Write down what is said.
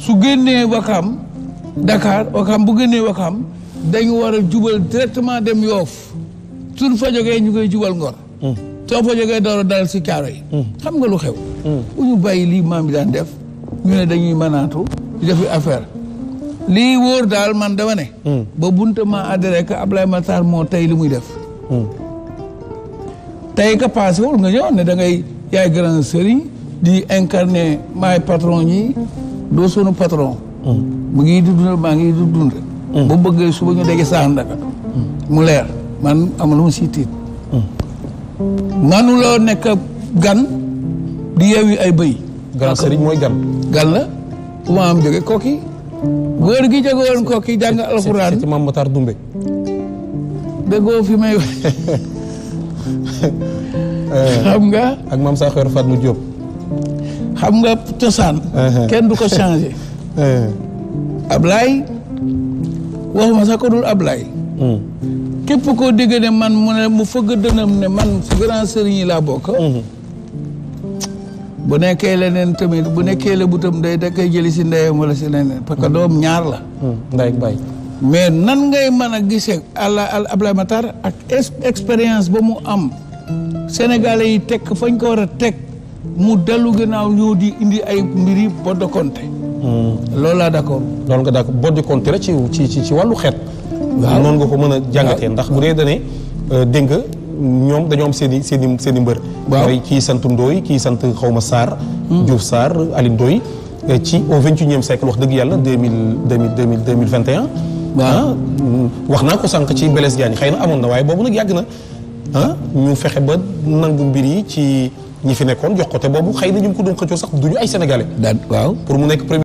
su génnee Wakam dakaar Wakam bu génnee Wakam dañu war a jubal directement dem Yoof suñ fa jógee ñu koy jubal Ngor hmm. soo fa jógee door a dal si caaro yi hmm. xam nga lu xew bu hmm. ñu bàyyi lii maam bi daan def ñu ne dañuy mënaatu di defi affaire lii wóor daal man dama ne ba bunta ma adhéré que Ablaye Matar moo tey li muy def tey ka passé wul nga ñëwoon ne da yaay grand sëriñ di incarné maay patron ñi doo sunu patron. mu ngi dundal maa ngi dundal. bu bëggee suba ñu dege Sandaga. mu leer man amuluma si tiit. manu loo gan di yeewi ay bëy. grand sëriñ mooy gan. gan la ku ma am jóge kooki. góor gi jóge woon kooki jàng alxuraan. ci Dumbe. déggoo fi may. Euh, xam nga. ak maam Sakho Fatou Diop. xam nga cosaan kenn du ko changé Ablaay waxuma sax ko dul Ablaay hmm. képp koo dégg ne man mu ne mu fëgg dënam ne man su grand sëriñ yi laa bokk hmm. bu nekkee leneen tamit bu nekkee la butam day da jëli si ndeyam wala si leneen parce que hmm. doom ñaar la mais nan ngay mën a gisee àlla al Ablaye Matar ak expérience ba mu am sénégalais yi tekk fañ ko war a teg mu dellu gannaaw ñoo di indi ay mbiri bodde konte hmm. loolu laa d' loolu nga d' accord bodde konte rek ci ci ci wàllu xeet waaw noonu nga ko mën a jàngatee ndax bu dee dane euh, dégg nga ñoom dañoo am seen i seen i seen i mbër mooy kii sant Ndooy kii sant xawma Sarr hmm. Diouf saar Alioune Ndoye euh, ci au vingt et wax dëgg yàlla deux mille deux mille deux mille vingt et ah, wax naa ko sànq ci Blaise Diagne xay na amoon na waaye boobu nag yàgg na ah, ñu fexe ba nangu mbir yi ci ñi fi nekkoon jox ko te boobu xëy na ñu ngi ko doon du ñu ay sénégalais. daan waaw pour mu nekk premier.